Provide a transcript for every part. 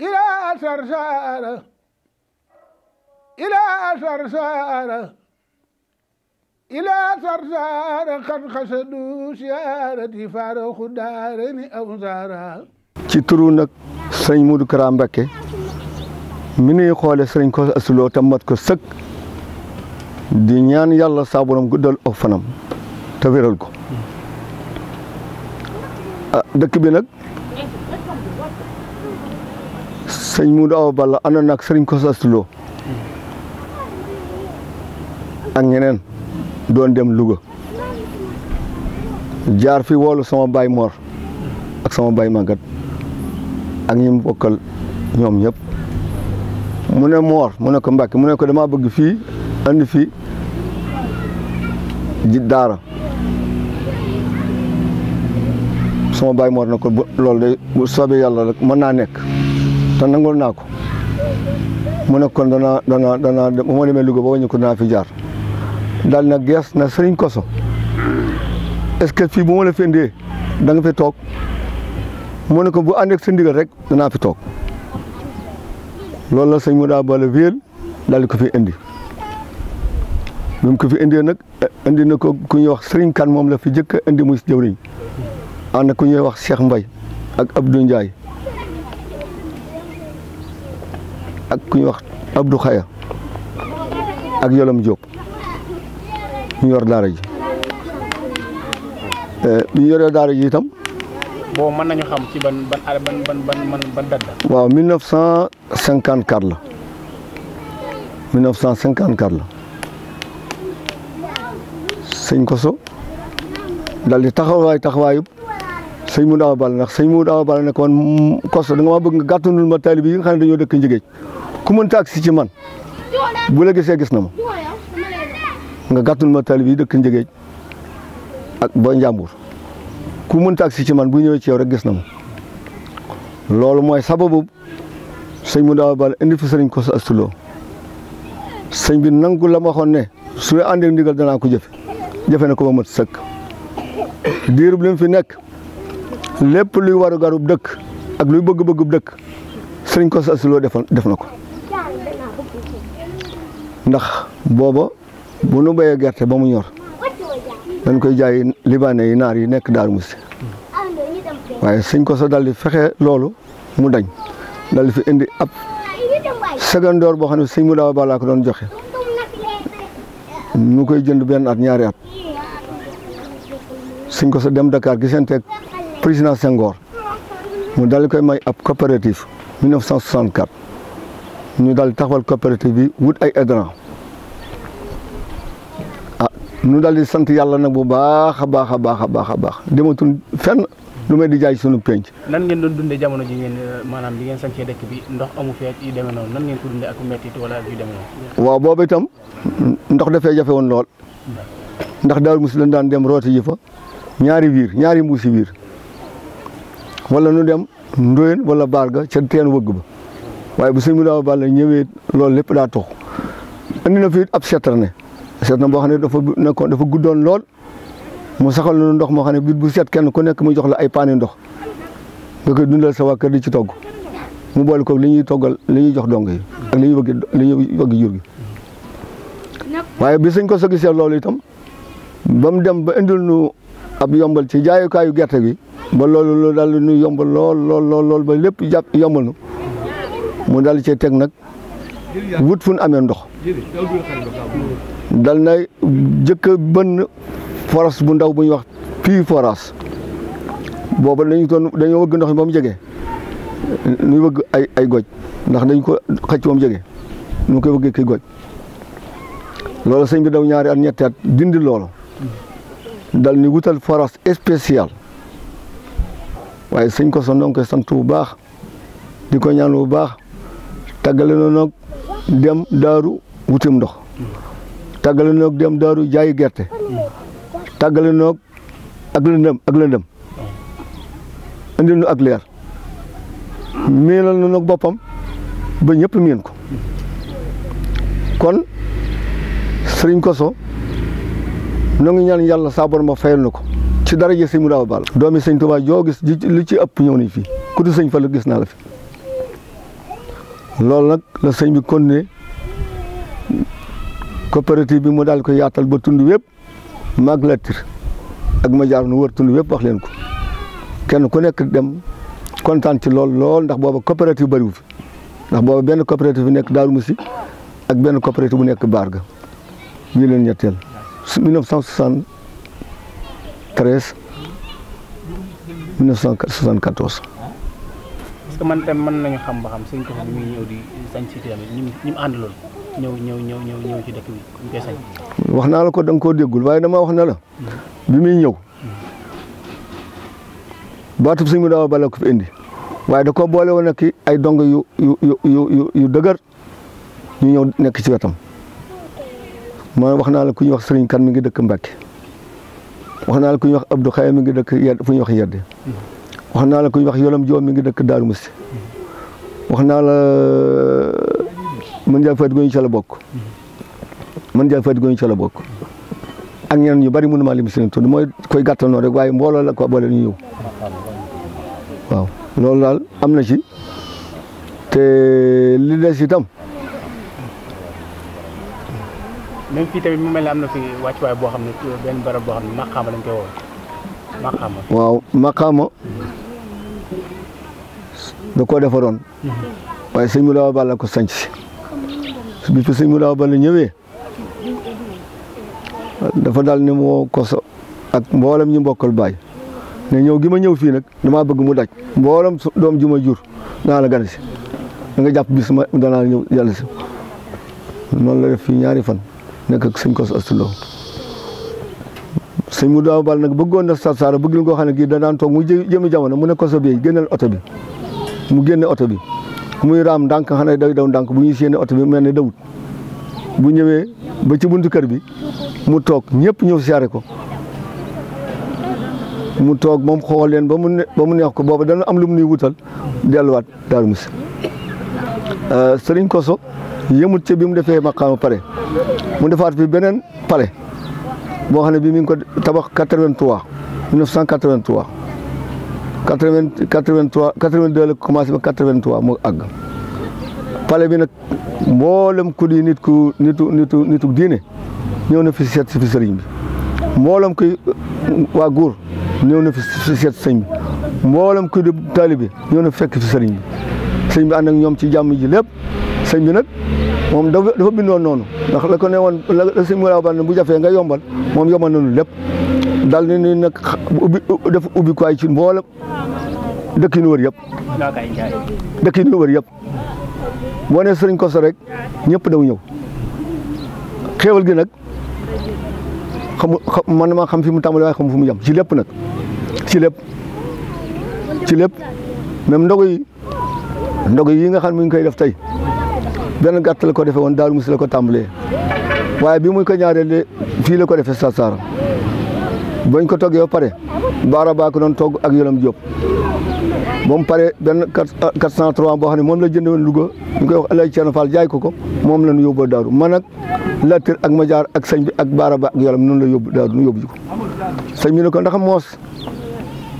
إلى سرسارة إلى سرسارة إلى سرسارة قد قصدوا سيارتي فارق دارني أو زارا ci turu nag sëñ mu Kara Mbacké mi nuy xoole sëriñ ko asuloo te mat ko sëkk di ñaan yàlla saa borom guddal ak fanam te ko ah, dëkk bi nag sëñ Moudou Awa Balla àndoon na ak sëriñ Kosastulo ak ñeneen doon dem Louga jaar fi woolu sama baay Mor ak sama baay Magat ak ñi mu bokkal ñoom ñëpp mu ne Mor mu ne ko Mbàkke mu ne ko damaa bëgg fii andi fii ji daara sama baay Mor na ko loolu de bu soobee yàlla rek mën naa nekk te nangul naa ko mu ne kon danaa danaa danaa bu ma demee Louga ba wàññi ko danaa fi jaar daal na gees na sëriñ Koso est-ce que fii bu ma la fendee da nga fi toog mu ne ko bu ànd ak sa rek danaa fi toog loolu la sëñ mu daa bala wéel daal ko fi indi bi mu ko fi indee nag indi na ko ku ñuy wax sëriñ kan moom la fi jëkk indi muy jëwriñ ànd ku ñuy wax Cheikh Mbay ak Abdou ak ku ñuy wax Abdou ak Yolom Diop ñu yor daara ji euh, bi ñu yoree daara ji itam. boo mën nañu xam ci ban waaw ban ban ban date la. waaw 1954 la 1954 la sëñ Koso daal di taxawaay taxawaayub. sëñ Modou Awa Balla ndax sëñ Modou Awa Balla ne ko man mm, Kosso da nga maa bëgg nga gàttanul ma taalib yi nga xam ne dañoo dëkk Njigéej ku ci man bu la gisee gis na ma nga gàttanul ma taalib yi dëkk Njigéej ak ba Njàmbur ku mënta agsi ci man bu ñëwee ci yow rek gis na ma loolu mooy sababu sëñ Modou Awa Balla indi fi sëriñ Kosso Astou Lo sëñ bi nangu la ma waxoon ne su dee àndee ndigal danaa ko jëfe jëfe na ko ba mat sëkk diirub li fi nekk. lépp luy waru garub dëkk ak luy bëgg-bëggub dëkk sëriñ ko Astou Lo defal def na ko ndax booba bu nu bayee gerte ba mu ñor dañ koy jaay libaane yi naar yi nekk Daaru Musti waaye sëñ sa dal di fexe loolu mu dañ dal di fi indi ab secondaire boo xam ne sëñ mu daaw balaa ko doon joxe nu koy jënd benn at ñaari at ko Kosso dem Dakar gisanteeg président Senghor mu dal koy may ab coopérative 1964 ñu dal taxawal coopérative bi wut ay adhérents ah ñu dal di sant yàlla nag bu baax a baax a baax a baax a baax dematul fenn lu may di jaay sunu penc. nan ngeen doon dundee jamono ji ngeen maanaam bi ngeen sancee dëkk bi ndox amu fee yu demee noonu nan ngeen ko dundee ak mettit wala yu demee noonu. waaw boobu itam ndox dafay jafe woon lool ndax Daaru Musi lañ daan dem rooti ji fa ñaari wiir ñaari mbuusi wiir. wala nu dem ndoyen wala baar ga ca teen wëgg ba waaye bu sëñ mu daaw bàlle ñëwee loolu lépp daa tox andi na fi ab seetar ne seetar boo xam ne dafa nekkoon dafa guddoon lool mu saxal nu ndox moo xam ne bit bu seet kenn ku nekk mu jox la ay paani ndox nga koy dundal sa waa kër di ci togg mu boole ko li ñuy toggal li ñuy jox dong yi ak li ñuy bëgg li ñuy bëgg jur gi waaye bi sëñ ko so gisee loolu itam ba mu dem ba indil nu ab yombal ci jaayukaayu gerte gi ba loolu loolu daal nuy yombal lool lool lool lool ba lépp jàpp yombal nu mu dal cee teg nag wut fu nu amee ndox dal na jëkk bënn forage bu ndaw bu ñuy wax puits foras booba dañu doon dañoo wëgg ndox mi ba mu jege nuy wëgg ay goj ndax dañ ko xëcc ba mu jege nu koy wëggee kii goj loolu sëñ bi daw ñaari at ñetti at dindi loolu dal ni wutal forage spécial waaye sëñ ko ñoo ngi koy sant bu baax di ko ñaan bu baax taggale na noog dem daaru wutim ndox tàggale na dem daaru jaayi gerte tàggale noog ak lëndëm ak nu ak leer miinal na nag boppam ba ñëpp miin ko kon sëriñ Kosso noo ngi ñaan yàlla saa borom ba na ko ci dara mu sëñ Mourada Ball doomi sëñ Tuubaa joo gis li ci ëpp ñëw nañ fii ku di sëñ Fallu gis naa la fi loolu nag la sëñ bi kon ne coopérative bi mu daal ko yaatal ba tund wépp maag latir ak ma jaar nu wër tund wépp wax leen ko kenn ku nekk dem kontaan ci lool lool ndax booba coopérative bëriwu fi ndax booba benn coopérative bi nekk Daaru si ak benn coopérative bu nekk Barga ñu leen ñetteel 1973 1974. parce que man tam mën nañu xam ba xam sëñ Touba bi muy ñëw di sañ si tamit ñi mu àndaloon ñëw ñëw ñëw ñëw ñëw ci dëkk bi ñu koy sañ. wax naa la ko da nga koo déggul waaye dama wax na la. bi muy ñëw. baatub sëñ mu daaw a bala ko fi indi waaye da koo boole woon ak ay dong yu yu yu yu yu dëgër ñu ñëw nekk ci wetam. mooy wax naa ku ñuy wax sëriñ kan mi ngi dëkk Mbacke wax naa la ku ñuy wax Abdou Xaye mi ngi dëkk yedd fu ñuy wax yedd wax naa la ku ñuy wax Yolam Joom mi ngi dëkk Daaru wax naa la mën jaay fayit goñu ca bokk mën jaay fayit goñu ca bokk ak ñeneen ñu bari mënu lim seen mooy koy rek waaye mbooloo ko boole ñu ñëw am na ci te li des itam même fii tamit mu mel ne am na fi wàccuwaay boo xam ne benn barab boo xam ne maqaama lañ koy woo maqaama. waaw maqaama da koo defaroon. Mhm. waaye sëñ Moulaw Balla ko sanc si bi fi sëñ Moulaw Balla ñëwee dafa dal ne moo koso ak mboolem ñu mbokkal baay ne ñëw gi ma ñëw fii nag damaa bëgg mu daj mboolem doom ji ma jur naa la gan si da nga jàpp bis ma la def fii ñaari fan. nekk ak sëñ Kos Astuloo sëñ mu daaw bal nag bëggoon na sar saara bëggil koo xam ne kii da mu jëmi jamono mu ne koso bi génneel génne oto bi muy raam ndànk day daw ndànk bu ñuy séene oto bi mel ne dawut bu ñëwee ba ci buntu kër bi mu toog ñëpp ñëw siyaare ko mu toog moom xool leen ba mu mu neex ko booba dana am lu mu nuy wutal delluwaat Daaru Musi euh, sëriñ Koso yëmut ca bi mu defee a pare mu defaat fi beneen pale boo xam ne bii mi ngi ko tabax 83 1983 80 83 82 la commencé ba 83 moo àgg palais bi nag mboolem ku di nit ku nitu nitu nitu diine ñëw na fi seet si fi sëriñ ku mboolem kuy waa Góor ñëw na fi seet sëriñ bi mboolem kuy di taalibe ñëw na fekk fi seriñ bi sëriñ bi ànd ak ñoom ci jàmm ji lépp sëriñ bi nag. moom dafa dafa bindoon noonu ndax la ko ne woon la si bu jafee nga yombal moom yombal nañu lépp daal di ne nag ubbi dafa ko ay ci mboole dëkk yi ñu wër yëpp. dëkk yi ñu wër yëpp boo nee sëriñ Kosso rek ñëpp daw ñëw xéewal gi nag xamu man maa xam fi mu tàmbali waaye xam fu mu jam ci lépp nag ci lépp ci lépp même ndogu yi ndogu yi nga xam ne mu ngi koy def tey. benn gàtt la ko defee woon Daaru Musi la ko tàmbalee waaye bi muy ko ñaareel fii la ko defee Sarsara bañ ko toggee ba pare baara baa ko doon togg ak yolam Diop ba mu pare benn ah, quatre cent trois boo xam ne moom la jënd woon Louga a koy wax El Hadj Thierno jaay ko ko moom la ñu yóbbu Daaru man ak Latir ak Madiar ak sëñ bi ak baara ba ak yolam noonu la yóbbu Daaru ñu yóbbu ko sëñ bi ne ko ndax moos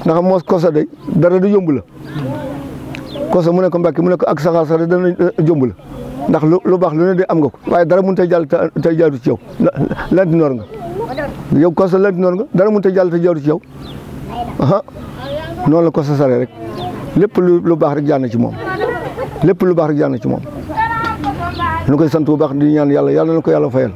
ndax moos kosa day dara du yombu la Koso mu ne ko Mbacke mu ne ko ak saxaar sax dana jomb la ndax lu baax lu ne de am nga ko waaye dara mun tey jàll tey jaaru ci yow lanti noor nga yow Koso lanti noor nga dara mun tey jàll tey jaru ci yow aha noonu la Koso sare rek lépp lu baax rek jaar ci moom lépp lu baax rek jaar ci moom ñu koy sant bu baax di ñaan yàlla yàlla na ko yàlla fayal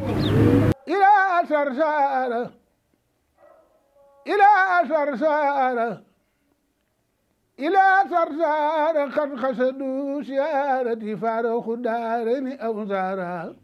إلى ثرثار قد خسدوا سيارتي فارق دارني أو زارا